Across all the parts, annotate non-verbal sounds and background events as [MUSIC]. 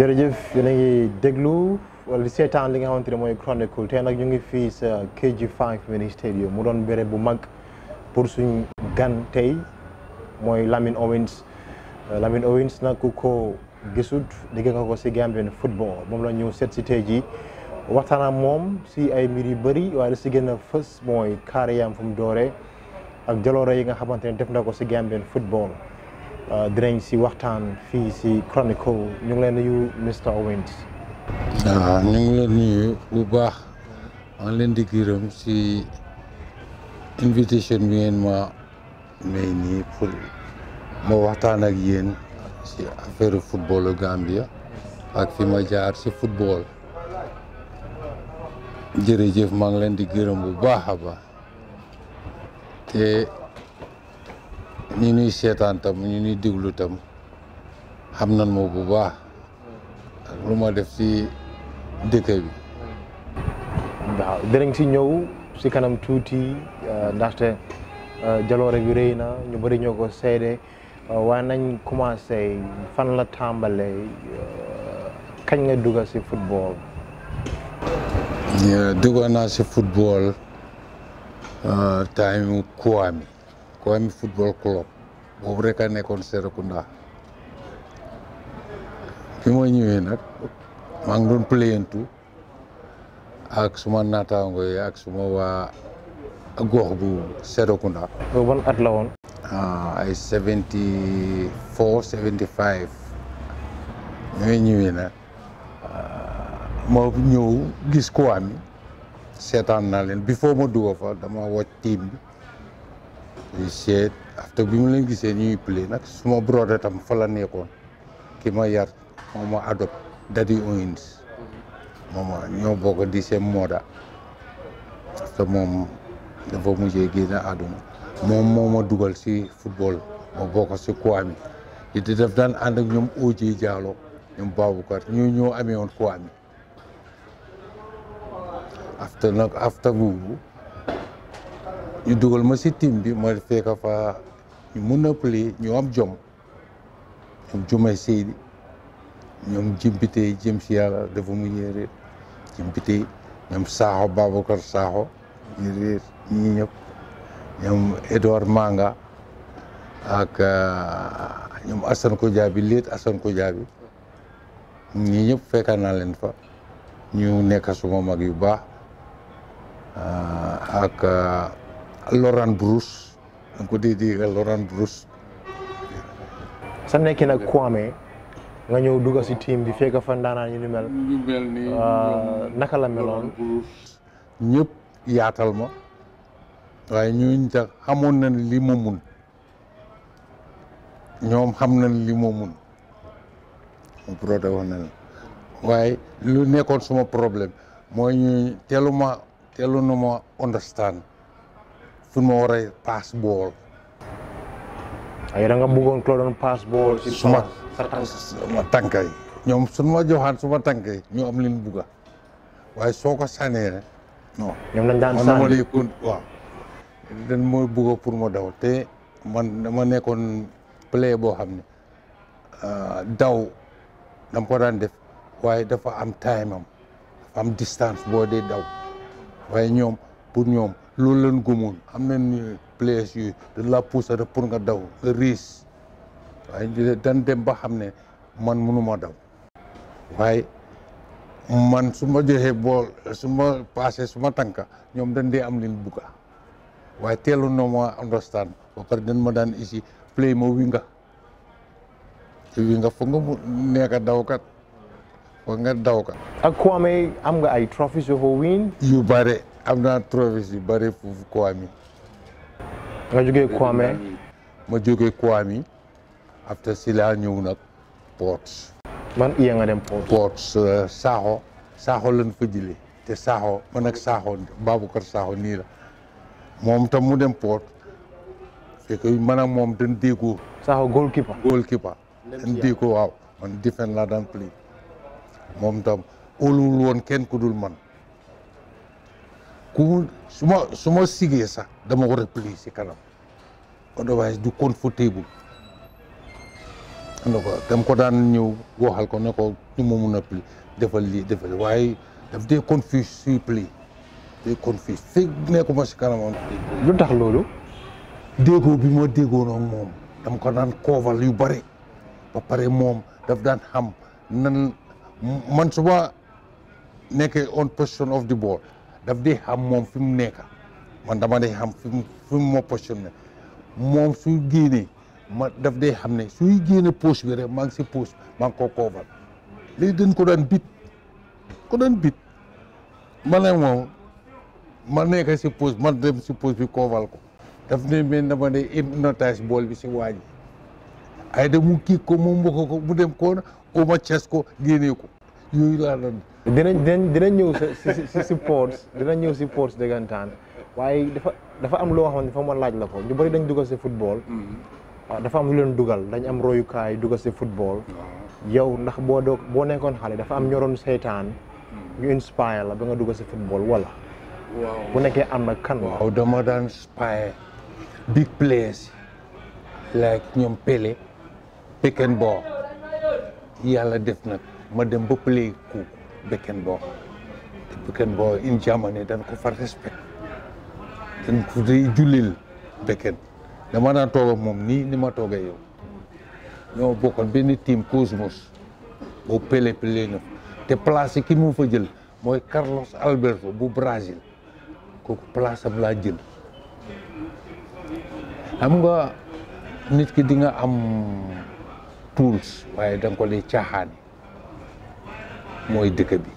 jërëjëf yéen a ngi déglu wala seetaan li nga xamante ne mooy Chronicle tey nag ñu ngi fii sa KG5 mini stadium mu doon béréb bu mag pour suñ gan tey mooy Lamine Owens euh, Lamine Owens nag ku ko gisut dégg nga ko si Gambian football moom la ñëw seet si te jii waxtaanam moom si ay mbir yu bëri waaye li si gën a fës mooy carrière am fu mu dooree ak jaloore yi nga xamante ne def na ko si Gambian football. Euh, dinañ si waxtaan fii si Chronicle ñu ngi leen nuyu Mr Owens. waaw ah, ñu ngi leen nuyu bu baax maa ngi leen di gërëm si invitation bi ngeen ma may nii pour ma waxtaan ak yéen si affaire footballu Gambia ak fi ma jaar si football. jërëjëf maa ngi leen di gërëm bu baax a baax te. ñi ñuy seetaan tam ñi ñuy déglu tam xam nan moo bu baax ak ma def ci dëkk bi. waaw dinañ si ñëw si kanam tuuti euh, ndaxte euh, jaloore bi rëy na ñu bëri ñoo ko seede euh, waaye nañ commencé fan la tàmbalee kañ nga dugg si football. dugg naa si football time Kouame. Kwame football club boobu rek a nekkoon Serekunda bi ma ñëwee nag maa ngi doon playantu ak suma naataango yi ak suma waa gox bu Serekunda. ban at la woon. Ah, ay seventy four seventy five ñooy ñëwee nag ah, ma ñëw gis Kwame seetaan naa leen before ma dugg fa dama wàcc team bi. seet after ah, bi mu leen gisee ñuy play nag suma brother tam fa la nekkoon ki ma yar moom ma adopt Daddy Owens moom ñoo bokk di seen mooda after moom dafa mujjee génn àdduna moom moo ma dugal si football ma bokk si Kwame yi di def daan ànd ak ñoom Oji Diallo ñoom Baboucar ñoo ñoo amee woon Kwame after nag after boobu ñu dugal ma si team bi ma fekk fa ñu mun a ñu am jom ñoom Jumay Seydi ñoom Jimpite jëm si yàlla dafa mu yéeréer Jimpite ñoom Sakho Babacar Sakho ñu réer ñi ñëpp ñoom Edouard Manga ak euh, ñoom Assane Kodiaby léet Assane Kodiaby ñi ñëpp fekka naa leen fa ñu nekk suma mag yu baax euh, ak. Euh, Laurent Bruce an ko dédié sa nekkin ak Kwame nga ñëw dugg si team bi fekk fa ndaanaan ñu ni mel ah, naka la meloon ñëpp yaatal ma waaye ñu tax xamoon na li ma ñoom xam nañ li na waaye lu nekkoon suma problème mooy ñuy teelu ma teelu na ma understand fu ma war a pass ball. ay da nga bëggoon ku la doon pass ball. suma suma ñoom su ma joxaan suma tànk yi ñu am leen bugga waaye soo ko sànnee rek ñoom dañ daan sànni man ma lay kon waaw. dañ ma bugga pour ma daw te man dama nekkoon play boo xam ne ah, daw dama ko daan def waaye dafa am time am am distance boo dee daw waaye ñoom pour ñoom. loolu leen gëmoon am nañ place yu de la poussé pour nga daw riis waaye dan dem ba xam ne man mënuma daw waaye man su ma joxee bool su ma passé su ma tànka ñoom dañ dee am leen bugga waaye teelu na ma understand ba pare dañ ma daan isi play ma wi nga wi nga foog nga mu nekk dawkat foog nga dawkat ak Kwame am nga ay trophies yoo win yu bare am naa trophées yu bëri foofu Kouami. nga jógee Kouamé. ma jógee Kouami. après si laa ñëw nag Port. man iya nga dem Port. Port euh, Sakho. Sakho lañ fa jile te Sakho man ak Sakho Baboucar Sakho nii la moom tam mu dem Port. fekk man moom dañ déggoo. Sakho goalkeeper. goalkeeper dañ déggoo waaw man defense laa daan play moom tam óoluwul woon kenn ku dul man. ku mu su ma su ma sigee sax dama war a pli si kanam Odobaas du confortable xam nga ko dama ko daan ñëw waxal ko ne ko ñu ma mun a pli defal lii defal waaye daf dee confus suy pli dee confus fi nekkuma si kanam lu tax loolu déggoo bi ma déggoo noonu moom dama ko daan kooval yu bari ba pare moom daf daan xam nan man su nekkee on position of the ball daf di xam moom fi mu nekk man dama day xam fi mu fi mu ma positionné moom suy génnee ma daf day xam ne suy génne poche bi rek maa ngi si poche maa ko koobal léegi dañ ko daan bit ko daan bit ma ne moom ma nekk si poche ma dem si poche bi koobal ko daf ne mais dama day hypnotise bool bi si waañ ay da mu kii ko mu mu dem koona uma ces ko génnee ko yooyu laa doon. dinañ dinañ dinañ ñëw si si si ports dinañ ñëw si ports dëggantaan waaye dafa dafa am loo xam ne dafa ma laaj la ko ñu bëri dañ dugal si football. Mm-hmm. Ah, dafa am lu leen dugal dañ am royukaay dugal si football. yow ndax boo doog boo nekkoon xale dafa am ñoroon seytaan. Mm-hmm. ñu inspire la ba nga dugal si football wala. bu nekkee am na kan. waaw dama daan inspire big players like ñoom Pelé Beckenbauer yàlla def nag. ma dem ba play ku bo beken bo in jamane dan ko far respect dan ko di julil beken dama na toog mom ni ni ma toogee yow no bokon ben team Cosmos boobu Pelé Pelé no te place ki mo fa jël moy Carlos Alberto bu Brazil, ko place am la jël am nga nit ki di nga am tools waye dang ko lay mooy dëkk bi.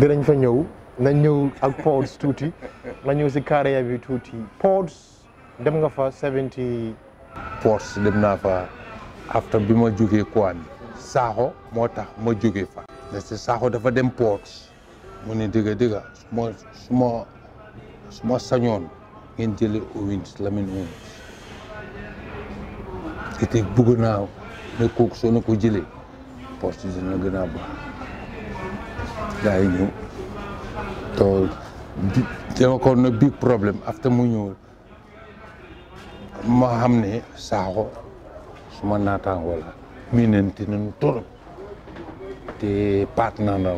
dinañ fa ñëw na ñëw ak Pods tuuti na ñëw si carrière bi tuuti Pods dem nga fa 70. Pods dem naa fa after bi ma jógee Kwame Sakho moo tax ma jógee fa. parce que dafa dem Pods mu ne dëgg dëgg su ma su ma su ma sañoon ngeen jëlee Owens Lamine te tey naa ne kooku soo na ko jëlee poste dina gën a baax gars yi ñëw to bi ko big problème after mu mahamne ma xam ne saaxo suma naataango la miinante nañu torop te partenaire na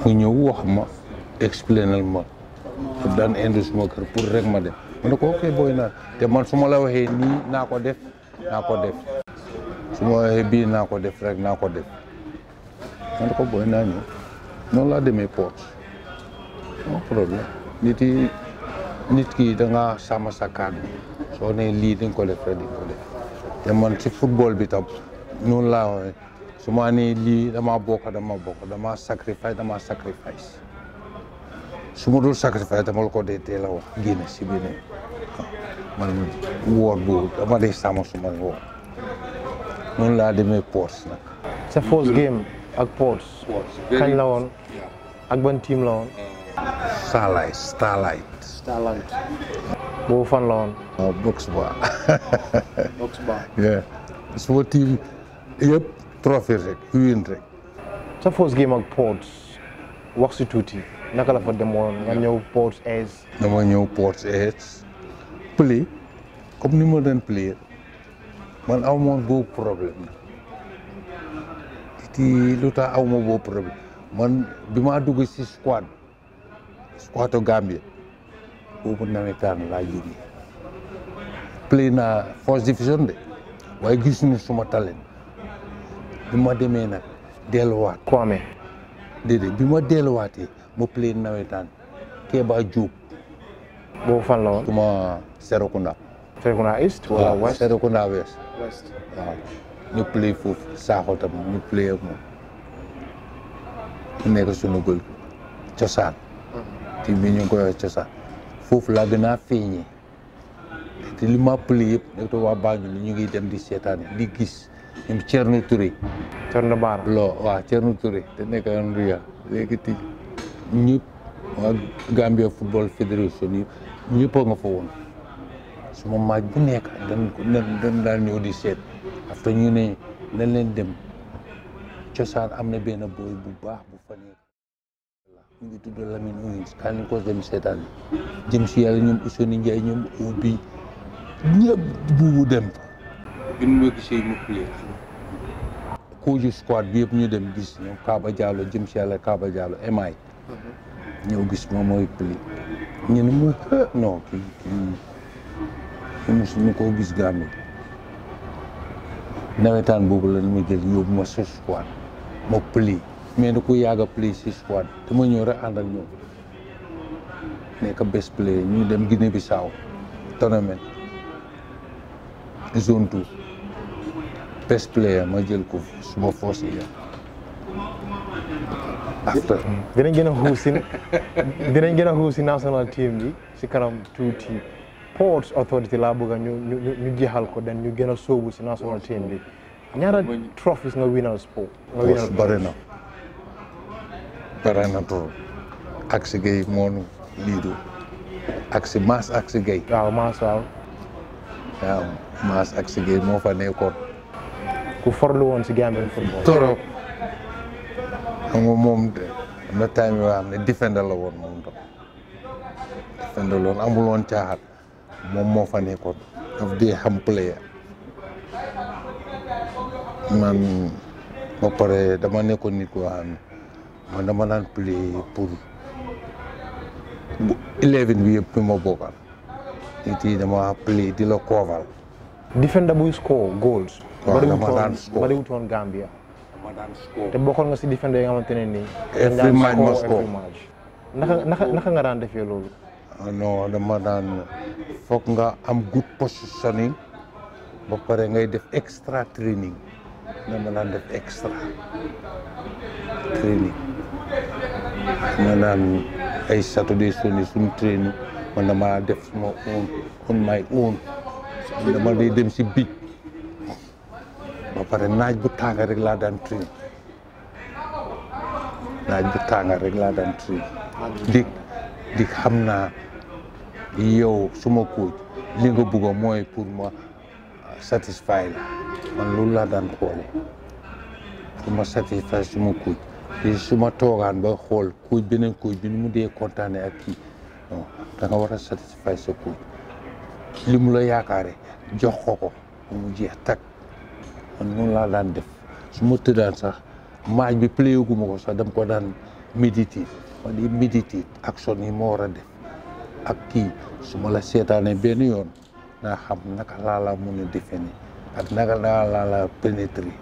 mu ñëw wax ma explainal ma dan indi suma kër pour rek ma dem ma ko ok booy te man su la waxee ko def naa ko def su ma waxee bii ko def rek naa ko def Né, não on voit não non de me potes. Não problema. Niti nit ki da nga sama sa kàddu soo nee lii dañ ko def não dañ ko def te Não ci football bi não noonu laa waxee su ma nee lii damaa bokk dama bokk dama sacrifice dama sacrifice não ma dul sacrifice não la ko dee teel não wax génne si biir man woor boobu dama dee não suma woor noonu laa demee Porsche nag. sa game. ak Ports. kañ la ak ban team la woon. Uh, Starlight Starlight. boobu fan la uh, box ba. [LAUGHS] box ba. suma team yëpp trophée rek win rek. sa foos game ak Ports wax si tuuti naka la fa demoon nga ñëw Ports Ace. ñëw Ports Ace. play comme ni ma doon player man amoon boobu problème ci lu tax aw ma boobu problème man bi maa dugg si squad squatu Gambie boobu nawetaan laa jógee play naa first division de waaye gis ñu suma talent bi ma demee nag delluwaat Kwame déedéet bi ma delluwaatee ma play nawetaan Kéba Diop boobu fan la woon suma Serekunda Serekunda East waaw ñu play foofu saaxo tam ñu play ak moom mu nekk sunu gël cosaan ci bi ñu ngi koy wax cosaan foofu laa gën li ma play yëpp nekk to waa Banjul ñu ngi dem di seetaan di gis ñoom Thierno Touré Thierno Baara loo waaw Touré nekk ria léegi ti ñëpp waa Gambia Football Federation yi ñëpp a nga fa woon suma maaj bu nekk dañ dañ di seet parce que ñu ne nañ leen dem cosaan am na benn booy bu baax bu fa nekk mu ngi tudd Lamine Owens kaa leen ko dem seetaan jëm si yàlla ñoom Ousseynou Ndiaye ñoom ubbi ñëpp buubu dem fa mu play couche squad bi yëpp ñu dem gis ñoom Kaaba Diallo jëm si yàlla Kaaba Diallo MI mhm. ñëw gis moom mooy play ñu ne ma non kii kii ñu musuñu koo gis Gambie nawetaan boobu la ma jël yóbbu ma si squad ma pli mais da ku yàgg a pli si squad dama ñëw rek ànd ak ñoom nekk best player ñu dem Guinée Bissau tournament zone two best player ma jël ko suma force yi after dinañ gën a xuusi dinañ gën national team bi si kanam tuuti sports authority laa bëgg ñu ñu ñu ko den ñu gënal a ci si national team bi ñaara trophies nga winal sport. nga winal barena barena to ak gay moonu liidu ak si maas ak gay. waaw mass waaw. waaw mass ak gay mo fa ko ku forlu won si Gambian football. toro xam mom moom na time yoo am ne defender la won mom tam defender lon amul won caaxaan. moom moo fa nekkoon daf dee xam player man ba pare dama nekkoon nit koo man dama daan play pour bu eleven bi yëpp ma bokkal nit yi dama play di la kooval defender buy score goals dama daan score bariwut woon Gambia dama daan score te bokkoon nga si defender yi nga xamante ne nii every match ma score naka naka naka nga daan defee loolu ano dama daan fok nga am good positioning ba pare ngay def extra training dama daan def extra training manan ay saturday sunday sun training man dama def mo on on my own dama day dem si bi ba pare naaj bu tànga rek la dan train naaj bu tànga rek la dan train di di hamna yow suma coach li nga bëgg mooy pour ma satisfy la man loolu laa daan xoole pour ma satisfy suma coach te suma toogaan ba xool kuuj beneen kuuj bi nu mu dee kontaane ak kii non war a satisfy sa coach li mu la yaakaare jox ko ko mu jeex tak man noonu laa daan def su ma tëddaan sax maaj bi pléyoguma ko sax dam ko daan méditer ma di méditer action yi ma war a def Aki kii su ma la seetaanee na yoon naa xam naka laa la penetri, a ak naka la pénétrer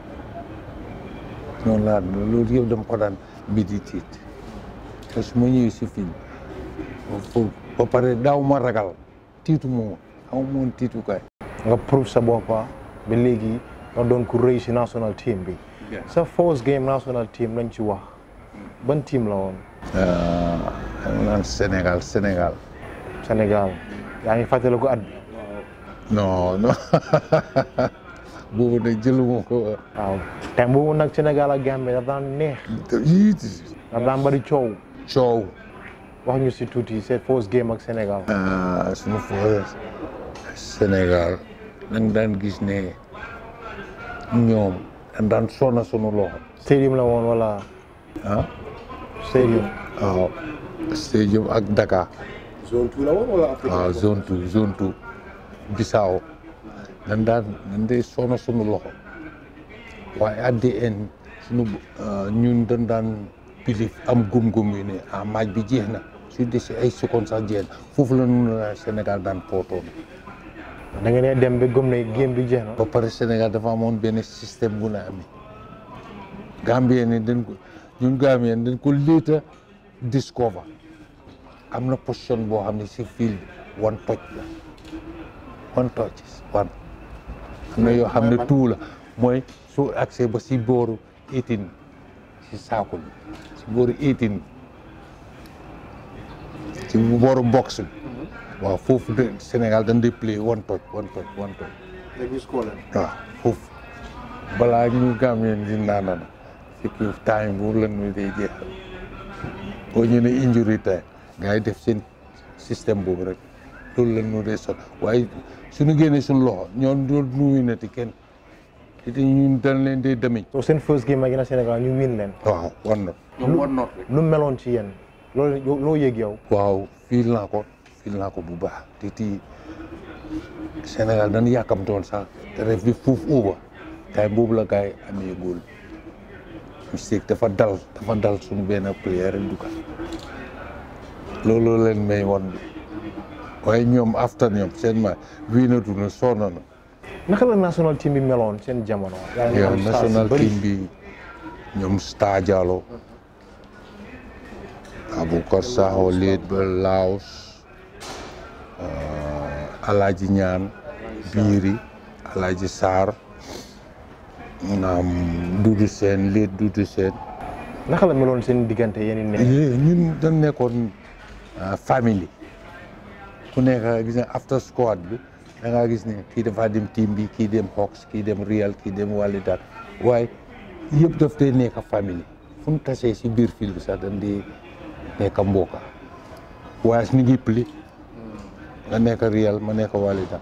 noonu laa loolu yëpp dama ko daan méditer pare daw ma ragal mo moom mon titu tiitukaay nga prouve sa bopp ba léegi nga don ku national team bi sa force game national team lañ ci wax ban team la won ah, Senegal, Senegal. Sénégal yaa ngi fàttaliku at bi. non non [LAUGHS] boobu nag jëluma ko. waaw te boobu nag Sénégal ak Gambie dafa daan neex. dafa daan bëri coow. coow. wax ñu si tuuti c'est first game ak Sénégal. ah first Sénégal nañ daan gis ne ñoom daan sona sunu loxo. stadium la woon wala. Ah? Ah, stadium. ak daka zone two la woon wala waaw ah, zone two zone two Bissau dan daan dañ day sono suñu loxo waaye ADN suñu euh, ñun dañ daan pilif am gum-gum yu ne ah maaj bi jeex na su dee ay secondes sax jeex foofu la ñu ne Sénégal daan pootoon nga ne dem bi gëm na géem bi jeex na ba pare Sénégal dafa amoon benn système bu na amee Gambien ne ko ñun discover am na position boo xam ne si field bi one touch la one touch one am na yoo xam ne tout la mooy su accès ba si booru eighteen si saakul si booru eighteen mhm. waaw foofu de Sénégal dañ di play one touch ñu gàm yeen di naanana bu lan mi day jeexal boo ñu ne injury gars yi def seen système boobu rek loolu la ñu dee sol waaye suñu génnee suñu loxo ñoom dool nuyu na ti kenn te ñun dañ leen dee damiñ seen first game ak Sénégal ñu win leen waaw wan na wan not lu meloon ci yéen loolu loo yëg yow waaw fiil naa ko fiil naa ko bu baax te ti Sénégal dañ yàkkamtoon sax te ref bi fuuf uuba tay boobu la gars yi amee góol mistake dafa dal dafa dal suñu benn player rek dugal lolo len may won waaye nyom after nyom, seen ma wino na sonn na naka la national team bi meloon seen jamono ya national team bi stajalo stadialo kosa ho lead ba Laos uh, alaji Ñaan Biiri alaji sar nam Dudu sen lead Dudu Seen naka la sen digante diggante ne ñun dañ Euh, famille ku nekk gis nga after squad bi da gis ni kii dafa dem team bi kii dem Hawks kii dem Real kii dem Walidat waaye yëpp daf dee nekk famille fu mu tasee si biir fil bi sax dañ di nekk mbokka waaye ni ngi pli nga nekk Real ma nekk Walidat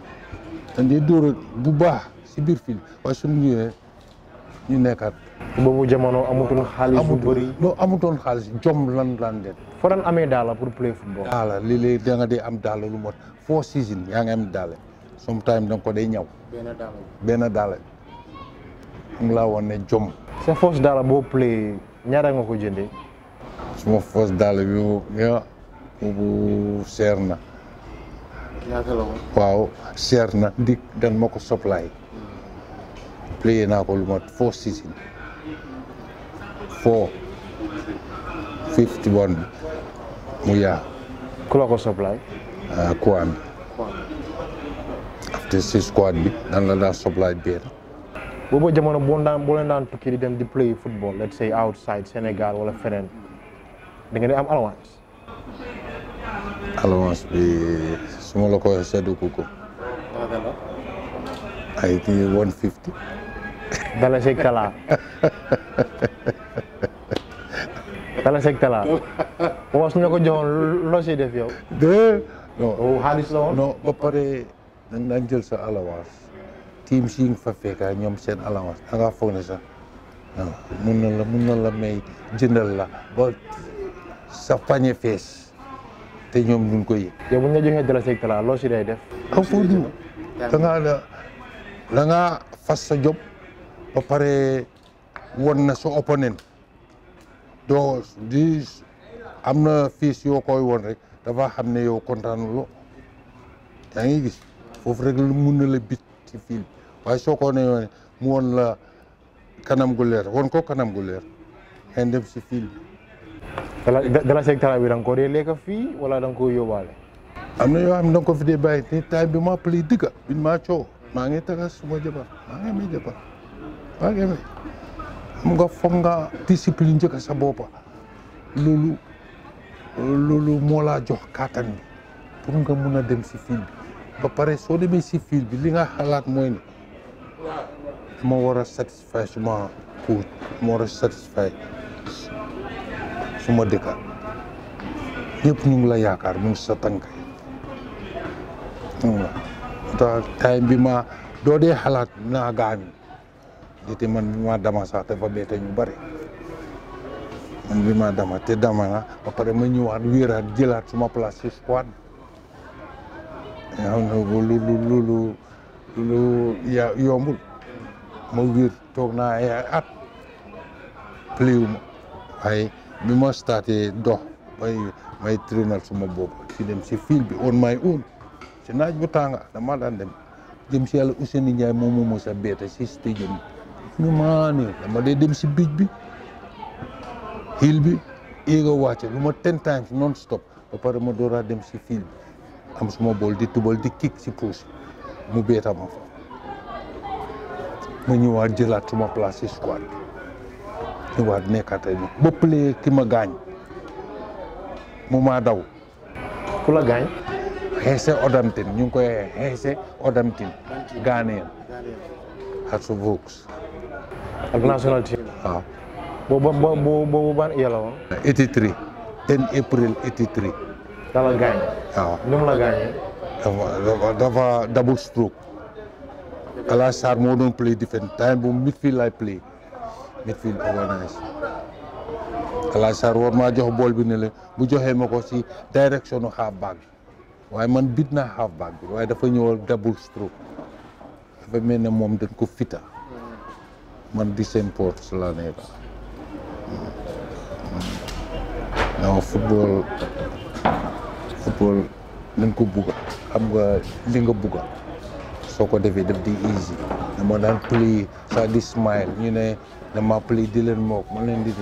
dañ di dóor bu baax si biir fil bi waaye suñu ñëwee nekkaat boobu jamono amutoon xaalis bu bëri amutoon xaalis jom lan lan den foo daan amee daala pour play football daala léeg-léeg da dee am daala lu mot four season yaa nga am daala sometime da nga ko day ñaw benn daala mu laa woon ne jom sa foos daala boo play ñaara nga ko jëndee suma foos daala bi seer na waaw na di dan ma supply hmm. playé naa ko lu mot four season 451 muya kula ko supply uh, ah, kwan after six squad bi dan la supply beer boobu jamono boo daan boo leen daan tukki di dem di play football let's say outside Senegal wala feneen da nga di am allowance allowance bi su ma la ko sedduku ko ay 150 dala si kala tala seg tala waaw [LAUGHS] su ñu la ko joxoon loo def yow. de non oh, xaalis la woon ba pare dañ daan jël sa allowance team si nga fa fekkaa ñoom seen allowance da ngaa foog ne sax mun na la la may jëndal la ba sa pañe fees te ñoom duñ ko yow bu ñu la joxee tala seg tala si day def. am foo da da ngaa fas sa job ba pare. won na so opponent do di amna fils yo koy won rek dafa xamne yo contane kontaanuloo yaa ngi gis foofu rek lu na la bit ci fil way soko ne yo mu won la kanam gu leer won ko kanam gu leer endem ci si fil bi dala seeg tara bi da ko relé ka fi wala dang ko yobale am yo am dang ko fi bi ma bin ma cho ma ngi taga suma jabar ma ngi mi jabar ngi nga foog nga discipline jëk sa bopa lolu lolu mo la jox katan bi pour nga mëna dem ci fil bi ba paré so demee ci fil bi li nga xalaat moy ni mo wara a suma coach mo wara suma ñepp ñu la yaakar ñu sa time bi ma do dé xalaat na ite man bi ma dama sax dafa bette ñu ya. bari man bi ma dama te dama na ba pare ma ñëwaat wéeraat jëlaat suma place ci squad xam ya, na lu lu lu lu lu ya yombul ya, ma wir toog na ay at ma Ai bi ma starté Ai may may trainal suma bopp ci dem ci fil bi on my own ci naaj bu na dama dan dem dem si yàlla Ousseynou Ndiaye mo mo sa beete si stadium ñu maani dama dee dem si bij bi hill bi éega wàcce lu ma ten times non stop ba pare ma dooraa dem si fiil bi am suma bool di tubal di kick si puus mu beeta ma ma ñëwaat jëlaat suma place si squad bi ñëwaat nekkaatay ma ba play ki ma gaañ mu maa daw ku la gaañ xeese odamtin ñu ngi koy xeese odamtin gaaneen xar su Vox ak national team. waaw. april eighty la gaañ. waaw ah. nu mu dafa double stroke. Kalaaj moo doon play defense time bu midfield lay play maa jox bool bi ne la bu joxee ma ko si direction nu half back waaye man bid naa half back waaye dafa ñëwal double stroke dafa mel moom dañ ko fita selain itu, Now football football nañ ko amga xam nga so ko di easy nama dan pli sa di smile ñu ne dama pli di leen mook ma leen di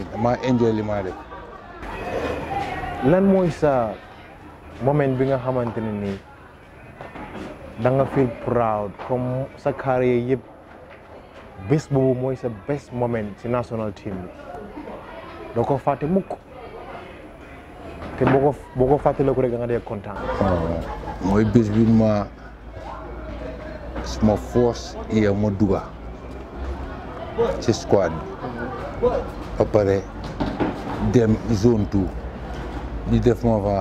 enjoy li maa def lan sa moment bi nga xamante ni, da nga feel proud kom sa carrière bés boobu mooy sa best moment ci national team bi doo ko fàtte mukk te boo ko boo ko fàttaliku rek nga dee kontaan. Ah, mooy bés bi ma suma force iya ma duga ci squad bi pare dem zone two ñu def ma fa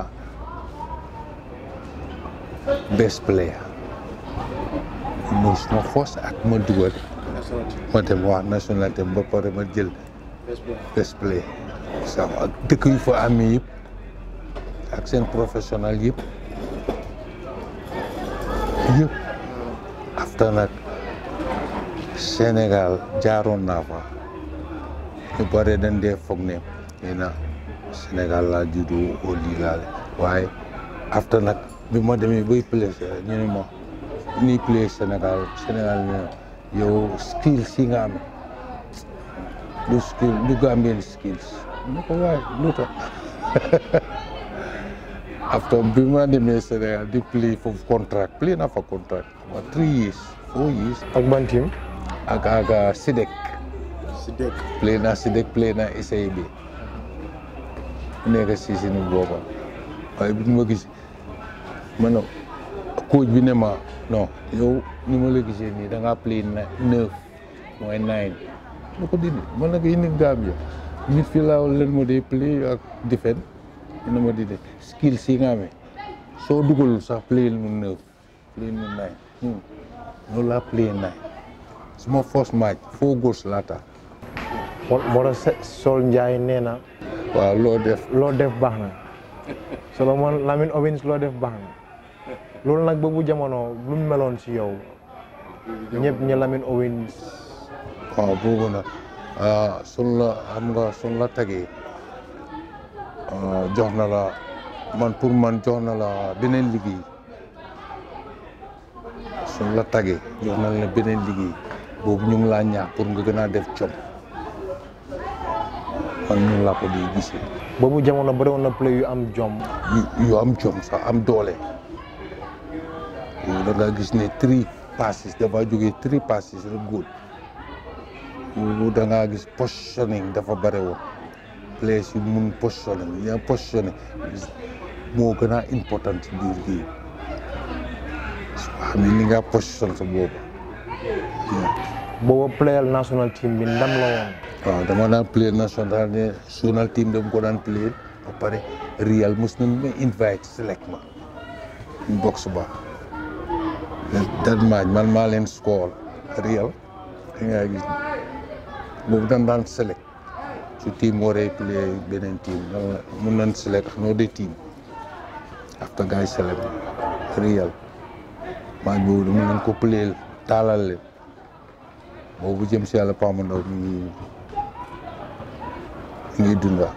best player mooy suma force ak ma duga ma dem wax nationalité ba pare ma jël display sax ak dëkk yu fa amee yëpp ak seen professionnel yëpp yëpp afta nag Sénégal jaaroon naa fa ñu bare dañ dee foog ne nee na Sénégal laa juddoo au lii waaye afta nag bi ma demee bay play ñu play Sénégal Sénégal ñu your skills yi do skill do Gambian skills no ko wa lu ko after bi ma demee a di play for contract play na for contract for three years four years ak ban team ak ak Sidek Sidek play na Sidek play na SAB nekk si sinu booba waaye bi ma gis manou coach bi ne ma no yow ni ma la gisee nii da ngaa play neuf mooy nine ma ko dindi man nag indi Gambia midfield laa leen ma dee play ak defense dina ma dindi skills yi nga amee soo dugalul sax play mu neuf play hmm, laa play nine suma fos match foo goals laa tax moo tax Sol Ndiaye nee na waaw loo def loo def baax na Solomon Lamine Owens loo def baax na loolu nak bobu jamono lu melon ci yow. ñepp ñu Lamine Owens. bobu na ah sun la am nga sun la ah jox na la man pour man jox na la benen ligi sun la tagee jox na la benen ligi bobu ñu ngi laa ñaax pour nga gëna def ciom man ñu la ko di gisee. bobu jamono bëri woon na play yu am jom. yu am jom sa am doole da nga gis ne passes dafa jóge tri passes rek góol boobu da nga gis positioning dafa bare wo place yu mun positioning ya positioning mo gëna important ci biir géej su ni nga position sa bob booba player national team bi ndam la ah, woon waaw dama na player national national team dem ko dan player ba pare Real mos me invite select ma box ba Darmaañ man maa leen score réel da ngaa gis boobu dañ daan select su team waree play beneen team daan la mun nañ select team after guy select réel match boobu da mun nañ ko play taalal leen boobu jëm si yàlla Paa Ndaw mi ngi mi ngi dunda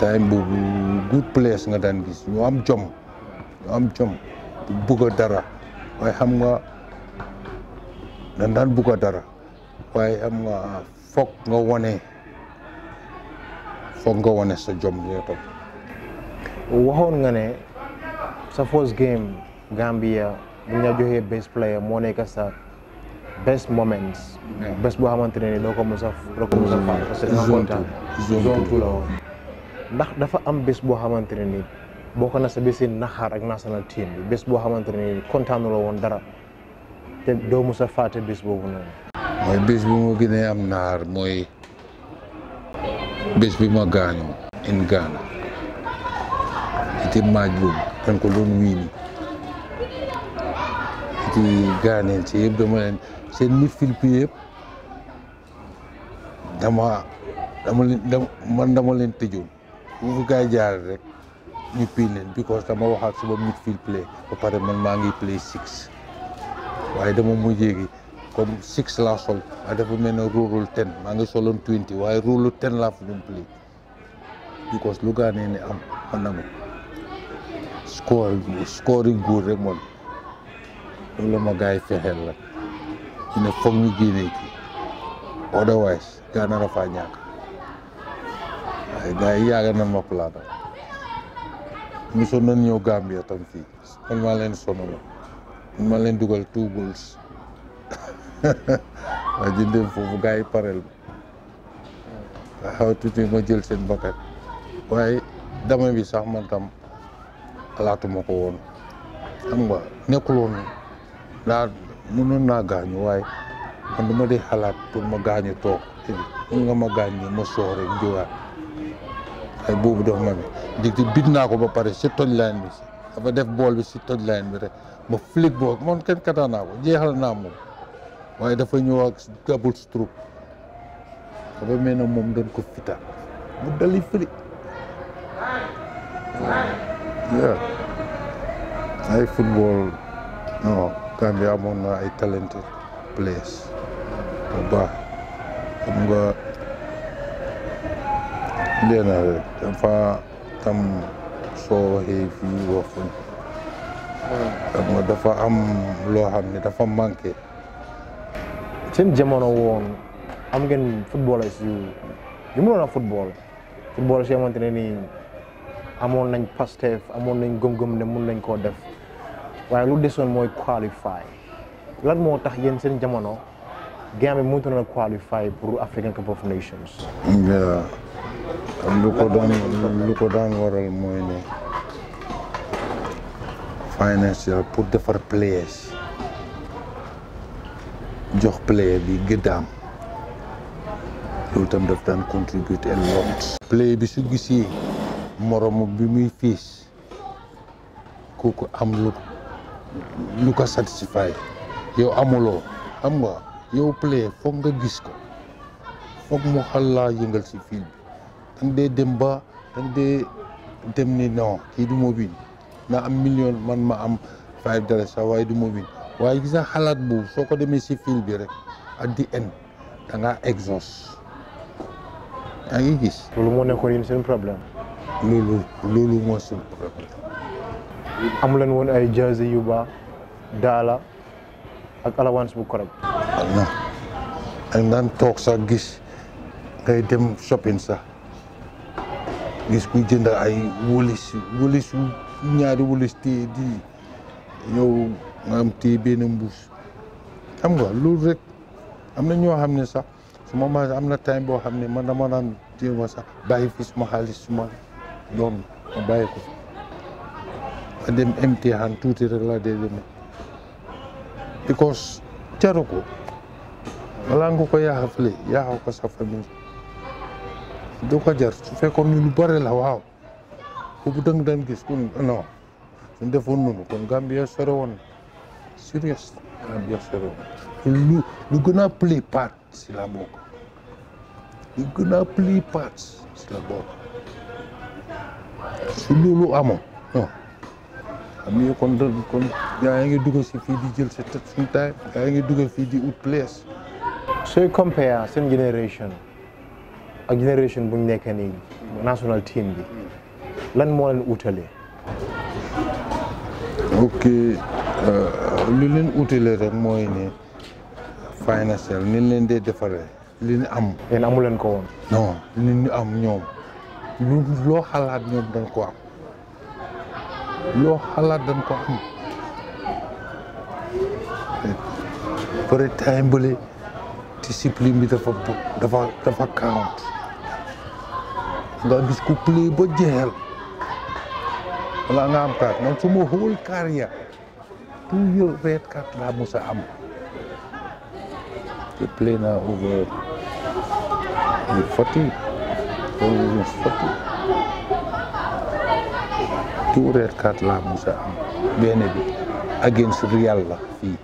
time boobu place nga daan gis ñu am jom ñu am jom bu bëgg dara waaye xam nga dañ daan bugg a dara waaye xam nga foog nga wone foog nga wone sa jom li nga toog waxoon nga ne sa first game Gambia bu ñu la joxee best player moo nekk sa best moments best boo xamante ne ni doo ko mos a doo ko mos a faal parce que zone la woon ndax dafa am bés boo xamante ne ni boko na sa bési nahar ak national team bi bés boo xamante ni kontaanuloo woon dara te doo musa faté bés bobu non moy bés bi mo gënee am nahar moy bés bi mo gaañoo in Ghana iti maaj bu tan ko ñuy ni iti gaaneen ci yëpp dama sen seen fil pi yëpp dama dama leen man dama len tëjoon bu gaay jaar rek ñu pilen because dama waxat suba midfield play ba paré man ma ngi play 6 waye dama mu jégi comme 6 la sol ay dafa melni rural 10 ma nga solon 20 waye rural 10 la fu ñu play because lu gané né am anamu score score goal rek mon lolu ma gay fexel la ina fogg ñu gëné ci otherwise gana rafa ñak ay gay yaga na ma plata ñu son nañ ñëw Gambia tam fii man maa leen sonal man maa leen dugal two bulls [LAUGHS] waa ji dem foofu gars yi pareel ba xaw tuuti ma jël seen bakkat waaye dama bi sax man tam xalaatuma ko woon xam nga nekkul woon naa gaañu waaye man dama di xalaat pour ma gaañu toog te nga ma gaañ ni ma soore rek jógaat ay boobu dox ma bi léegi bit naa ko ba pare si toj line bi dafa def bool bi si toj line bi rek ma flic boo moom kenn kataan ko jeexal naa moom waaye dafa ñëw ak double stroke dafa mel ne moom mu amoon na ay nga léena rek dafa tam sooxee fii waxuñ dafa am loo xam ne dafa manqué seen jamono woon am ngeen footballers yu yu mënoon a football footballers yi xamante ne nii amoon nañ Pastef amoon nañ gëm-gëm ne mun nañ koo def waaye lu desoon mooy qualify lan moo tax yéen seen jamono Gambie mënutoon a qualify pour African Cup of Nations lu ko daan lu ko daan waral mooy ne financial pour defar players jox player bi gëddaam loolu tam daf daan contribute a lot play bi su gisi moromu bi muy fiis kooku am lu lu ko satisfy yow amuloo play nga yow player foog nga gis ko si dañ dee dem ba dañ dee dem ni non kii du mobile na am million man ma am five dollars sax waaye du mobile waaye gis nga xalaat boobu soo ko demee si fil bi rek ak di en da ngaa exhaust yaa ngi gis. loolu moo nekkoon yéen seen problème. loolu loolu moo seen problème. am woon ay jaase yu ba daala ak allowance bu correct. am na daan toog sax gis ngay dem shopping sax. gis kuy jënd ay wëlis wëlisu ñaari wëlis téye di ñëw nga am téye mbuus xam nga loolu rek am na ñoo xam ne sax suma ma am na time boo xam ne man dama naan jéem a sax bàyyi fi suma xaalis suma doom ma bàyyi ko ma dem imtihaan tuuti rek laa dee demee because jaru ko balaa nga ko yaaxa fële yaaxa ko sa famille du ko jar su fekkoon ni lu bëri la waaw bu dëng daan gis non suñ defoon noonu kon Gambia sore woon serious Gambia sore lu lu gën a play part si la bokk lu gën a play part si la bokk su loolu amoon non am na kon ngi dugg si fii di jël sa tët taay gaa ngi dugg fii di ut place. sooy compare seen génération. ak génération bu ñu nekkee nii national team bi lan moo leen utalee. ok euh, lu leen utalee rek mooy ne financial ni leen dee defaree li ñu am. yéen amu leen ko woon. non ñu am ñoom lu loo xalaat ñoom dañ ko am loo xalaat dañ ko am peut-être time discipline bi dafa count nga gis ku play ba jeexal wala nga am carte man suma whole toujours red card laa mos a am te play naa over yu forty over forty tout red card laa mos a am bi against Real la fii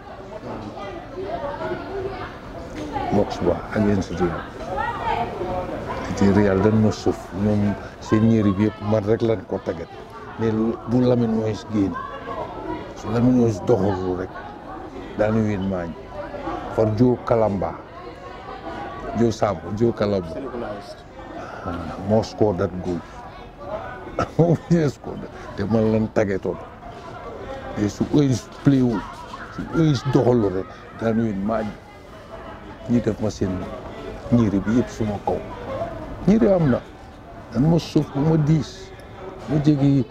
box ba against Real tiri yàlla dañ ma suuf ñoom seen ñëri bi yëpp rek lañ ko tegat ne bu Lamine Moïse gin su Lamine Moïse doxalul rek daanu win maañ for ju Kalamba ju sab ju Kalamba ah, mosko dat gu [LAUGHS] mosko dat te man te su Moïse pléwul su Moïse doxalul rek daanu win maañ ñi def ma seen bi yëpp suma yiri amna, dan mo suuf mo dis mo jegi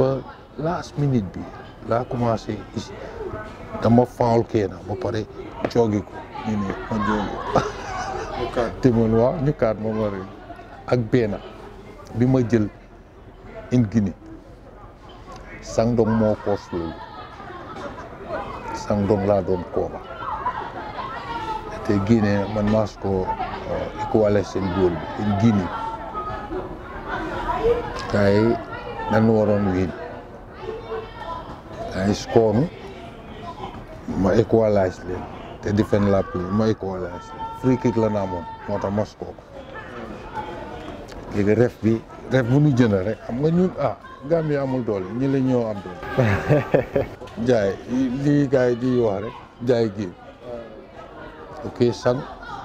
ba last minute bi la commencé gis dama faul kena ba pare joogi ko ñu jogi, ma joogi te man waaw ni ka mo wari ak bena bi ma jël in Guinée sangdong moo koos sangdong don ko ba te guiné man masko coalesce eh, seen góor bi seen gini kay nan waroon win ay score ma equalize leen te defend la pli ma equalize free kick la naa moom moo tax ma score ref bi ref bu ñu jëna rek xam nga ñun ah Gambie amul dool ñi la ñoo am dool [LAUGHS] jaay li gaay di wax rek jaay gi ok sang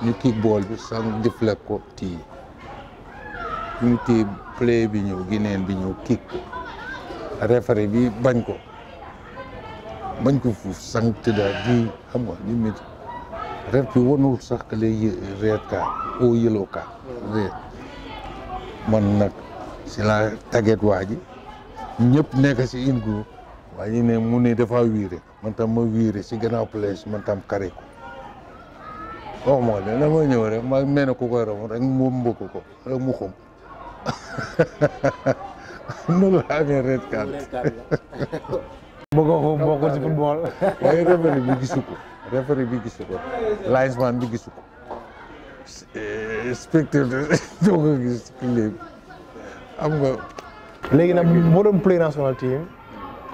ñu kick ball bi sang deflect ko tii bu ñu téye play bi ñëw Guinéen bi ñëw kick ko referee bi bañ ko bañ ko fuuf sang tëdda ji xam nga ñu mit ref bi wanul sax que les red card ou yellow man nag si la taget waa ji ñëpp nekk si une groupe waa ji ne mu ne dafa wiire man tam ma wiire si gannaaw place man tam kare ko oo waxuma leen dafa ñëw rek ma mel ku koy romb rek mu mbëkk ko rek mu xum noonu la amee red card. bëgg ko xum bokkul ci football. waaye bi gisu ko referee bi gisu ko linesman bi gisu ko eh, spectateur [LAUGHS] doo ko gis léegi am léegi nag boo doon play national team.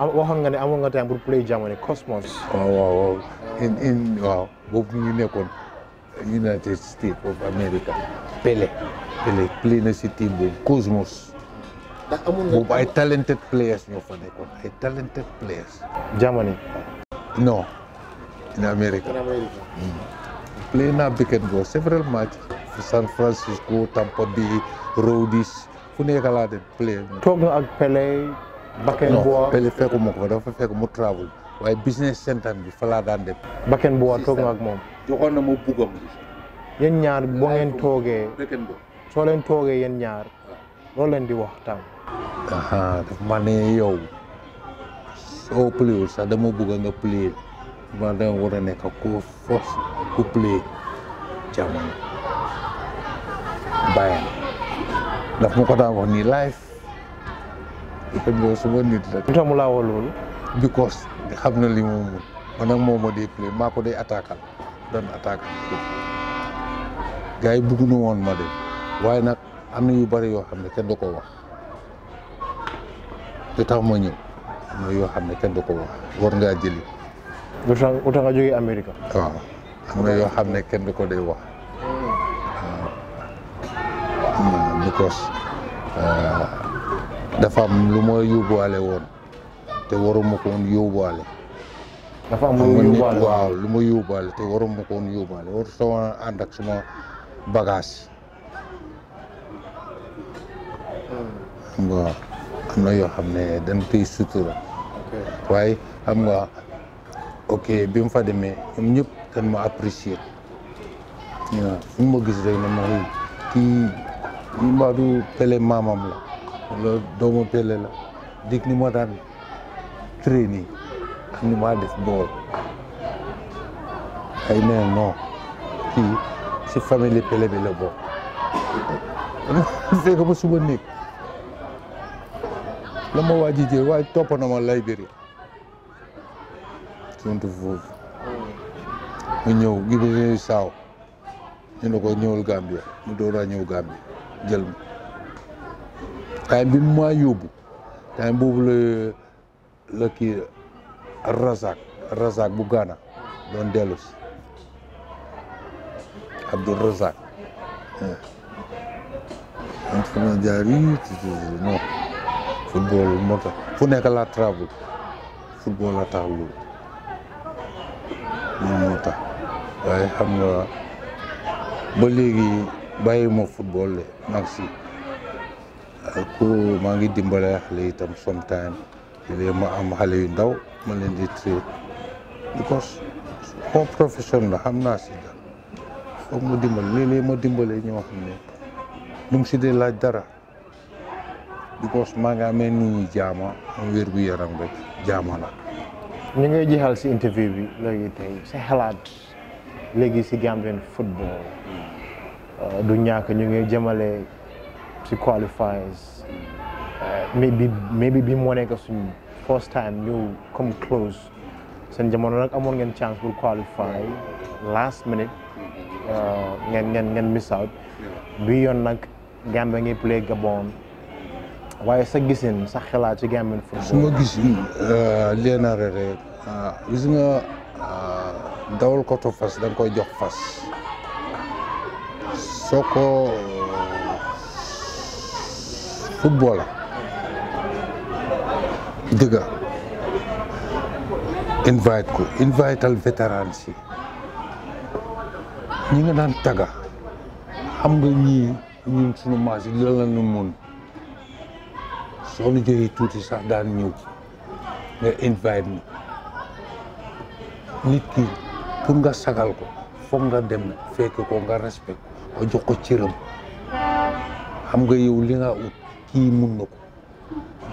am nga ne amoon nga temps pour play Germany Cosmos. Oh, waaw waaw waaw in in United States of America Pelé Pelé play na si team boobu Cosmos boobu ay talented players ñoo fa nekkoon ay talented players Germany non in America hmm. play na Béckenbauer several match San Francisco Tampa Bay Rhodes fu nekk laa dem play toog na ak Pelé Béckenbauer non Pelé fekkuma ko dafa fekk mu travel waaye business center bi fa laa daan dem Béckenbauer toog na ak moom joxoon na ma buggam bi yéen ñaar boo ngeen toogee soo leen toogee yéen ñaar loolu leen di waxtaan aha dafa man ne yow soo pliwul sax dama bugg nga plier ma a nekk ku force daf ma ko daan wax nii life nit la lu tax mu laa woo loolu because xam na li moom mun man moom ma dee plier maa ko dee attaqual doon attaque gars yi bëgguñu woon ma dem waaye nag am na yu bëri yoo xam ne kenn du ko wax li tax ma ñëw mooy yoo xam ne kenn du wax war ngaa jëli. lu tax nga jógee Amérique. waaw am na yoo xam ne kenn du ko day wax waaw ah, because ah, dafa am lu ma yóbbuwaale woon te waruma ko woon yóbbuwaale. dafa am lu mu yóbbaale waaw lu ma yóbbaale te waru ma ko woon yóbbaale waru sama suma bagage hmm. am na yoo xam ne dañ waaye xam nga ok bi mu fa demee ñoom ñëpp dañ ma apprécier waaw ma gis rek ne ma kii kii mbaadu pele maamam la wala doomu pele la dig ni ma daan traîner indi maa des bool ay nee non kii si famille Pélé bi la bokk [LAUGHS] fekk ma suba néeg la ma waa ji jël waaye na ma Libéria tuntu foofu mu ñëw Guinée Bissau ñu ne ko ñëwal Gambia mu dooraa ñëw Gambia jël ma time bi mu maa yóbbu time boobu la la kii Razak Razak bu Ghana Delus, Abdul Razak donc fu ma jaar football motor. tax fu nekk travel football la tax loolu moom moo tax waaye xam nga ba léegi bàyyi football de mag si ku ngi itam sometime léegi ma am xale yu ndaw ma leen di traité because mon profession la xam naa si dara foog mu dimbal léeg ma dimbalee ñoo xam ne lu mu si dee laaj dara because maa ngi amee nit ñi jaama am wér gu yaram rek la. ni ngay jeexal si interview bi léegi tey si xalaat léegi si Gambian football mm. uh, du ñàkk ñu ngi jëmale si qualifiers. maybe bi moo nekk suñu first time ñu come close seen jamono nag amoon ngeen chance pour qualify last minute uh, ngeen ngeen miss out bi yoon nag Gambia ngi play Gabon waaye sa gisin sa xalaat ci Gambian football su ma gis uh, leenare rek uh, gis nga ko kotu fas da ko koy jox fas soo ko football dëgga invite ko invital vétérans yi ñu nga daan tagga xam nga ñii ñun suñu maas yi lan la ñu mun soo nu jógee tuuti sax daan ñëw nga invite ñu nit ki pour nga sagal ko foog nga dem fekk ko nga respect ko jox ko cëram xam nga yow li nga ut kii mun na ko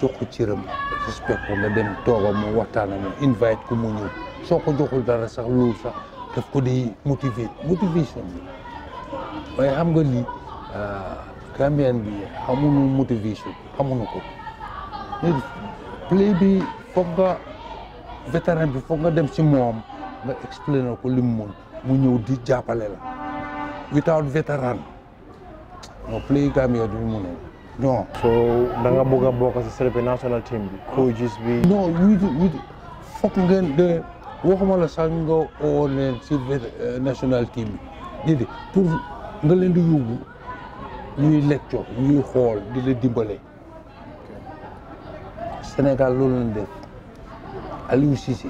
jox ko cëram respect ko nga dem tooga moom waxtaan ak moom invite ko mu ñëw soo ko joxul dara sax loolu sax daf ko di motiver motivation bi waaye xam nga lii euh, Gambien bi xamuñu motivation xamuñu ko play bi foog nga vétéran bi foog nga dem si moom nga expliqué ko li mu mun mu ñëw di jàppale la without vétéran non play Gambien du mu no so da nga bëgg a bokk si selebe national team bi. coaches bi. non ñu ngeen de waxuma la sax nga si eh, national team bi déedéet pour nga leen di yóbbu ñuy lecture ñuy xool di la dimbale. Sénégal loolu lañ def Aliou Cissé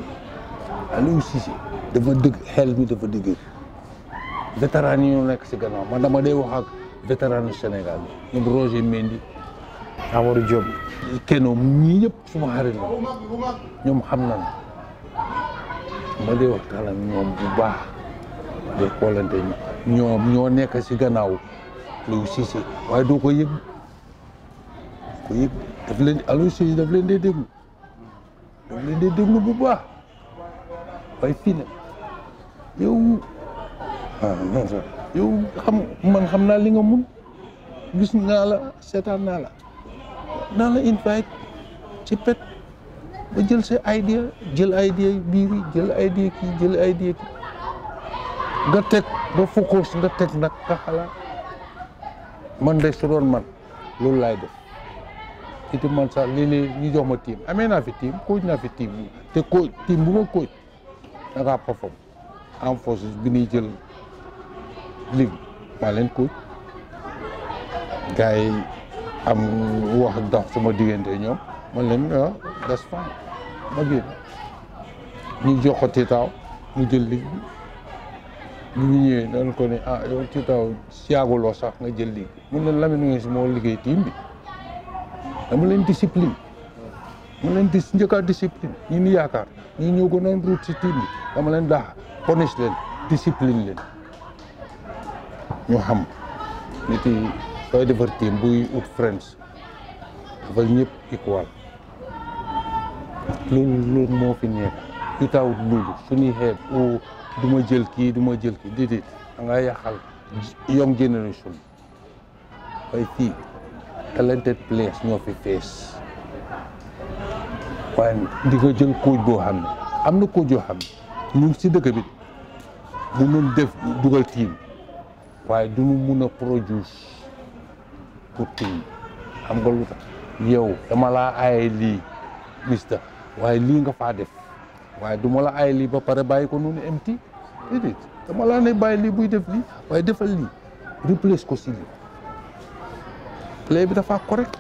Aliou Cissé dafa dëgg xel mi dafa dëgg vétéran yi ñoo nekk si gannaaw man dama day wax ak. vétéran Sénégal ñoom Roger Mendy Amadou Diop kenoom ñii ñëpp suma xarit la ñoom xam nan ma dee waxtaan ak ñoom bu baax de xoolante ñoom ñoo nekk si gannaaw Aliou Cissé waaye doo ko yëg ko yëg daf leen Aliou Cissé daf leen dee déglu daf leen dee déglu bu baax waaye fii nag yow ah yow xam man xam naa li nga mun gis na la setan na la na la invite ci pet ba jël sa idea jël idea biiri jël idea ki jël idea ki nga tek ba focus nga tek nak nga xalaat man day su man loolu lay def iti man sa li li ñu jox ma tiim amé na fi tiim kooj na fi tiim te ko tiim bu ma ko da ngaa perform en force bi ni jël ligue maa leen ko gay am wax dox sama diggante ñom man len ah ya, that's fine ma génn ñu joxoti taw titaaw jël lig bi ñu ñëwee dañ ko ni ah yow titaaw lo sax nga jël lig mu len Lamine ci mo liggey tim bi am len discipline ma leen di njëkkaa discipline ñi ni yaakaar ñi ñu ko noon ci tim bi dama len da punish len discipline len ñu xam nit yi sooy defar team buy ut friends dafa ñëpp equal loolu moo fi nekk yu taawut loolu suñuy xeet o oh, du jël kii du ma jël kii déedéet da nga yàqal young generation waaye fii talented players ñoo fi fees waaye di nga jël coach boo xam ne am na coach yoo xam ne ñu ngi si dëkk bi mu noon def dugal team waaye du ñu mun a produire pour kii xam nga lu yow dama laa aaye lii mister waaye lii nga faa def waaye duma la aaye lii ba pare bàyyi ko noonu empty dama laa ne bàyyi lii buy def lii waaye defal lii replace ko si lii play bi dafa correct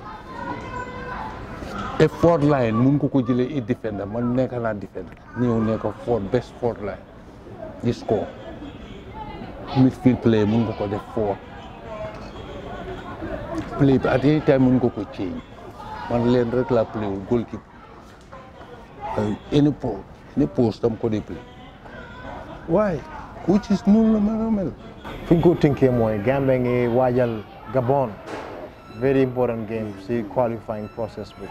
te fourth line mun ko ko jëlee it defender man nekk naa defender ñëw nekk fourth best fourth line gis ko midfield play mun nga ko def foo play bi at any time mun nga ko change man leen rek la play goal keeper any post tam ko di play waaye which is noonu la mën mel fi ko tënkee mooy Gambia ngi waajal Gabon very important game si qualifying process bi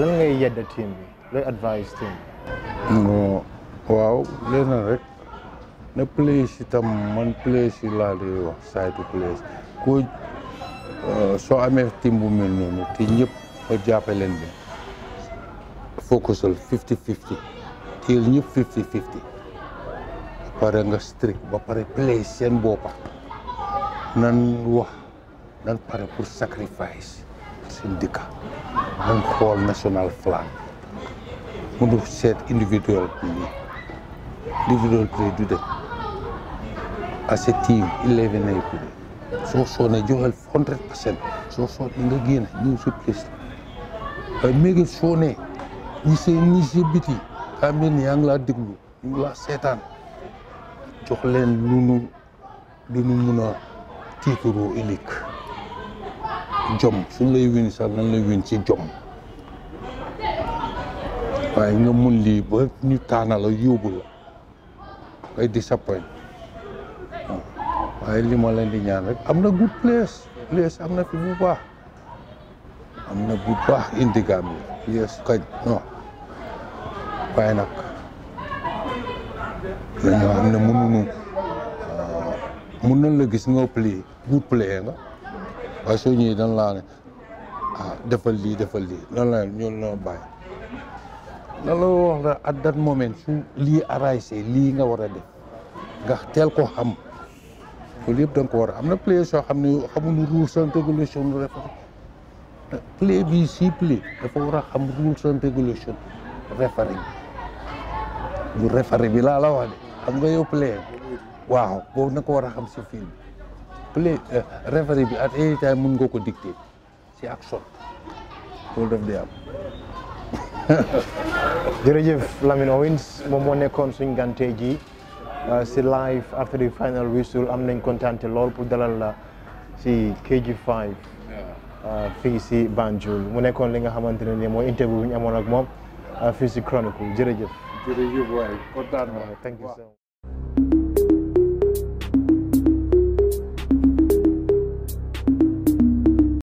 lan ngay yedda team bi looy advice team waaw leen rek na place tam man place yi laa lay wax saytu place ko euh, soo amee tim bu mel noonu te ñëpp nga jàppe leen bi focusal fifty fifty teel ñëpp fifty fifty pare nga strict ba pare place seen boppa nan wax nan pare pour sacrifice seen dëkka nan xool national flag mu du seet individual play du def asettiwi illeyɓe nayi kuɗe sosone johal hundred percent soso ɗinga guina ɗin supplice ay mege sone ñise ñi sebbiti kamin yangla déglu ñula seetaan jox leen lunu lunu mun a tiitaroo ëllëg jom suñ lay win sax nañ la win ci jom waaye nga mun lii ba ñu taana la yóbbu la ngay disappoint waaye li ma leen di ñaan rek am na good place place am na fi bu baax am na bu baax indi Gambie yes kañ non waaye nag dañoo xam ne mënuñu ah, mën nañ la gis nga play good play nga waaye soo ñëwee dañ laa ne ah, defal lii defal lii lan la ñoom ñoo bàyyi lan la wax la at that moment su lii arrangé lii nga war a def nga teel ko xam loolu yëpp da nga ko war am na plie soo xam ne xamul rules and regulation rek plie bii si plie dafa war a xam rules and regulation référé bi bi laa la wax de xam nga yow plie waaw boobu na ko war a xam si film plie euh, référé bi at any time mun nga ko dicté si action loolu daf di am [LAUGHS] jërëjëf Lamine Owens moom moo nekkoon suñ gante ji Uh, si live after the final whistle am nañ kontaante lool pour dalal la si KG5 uh, fii si Banjul mu nekkoon li nga xamante ne nii mooy interview bi ñu amoon ak moom uh, fii si Chronicle jërëjëf. jërëjëf waay kontaan thank you so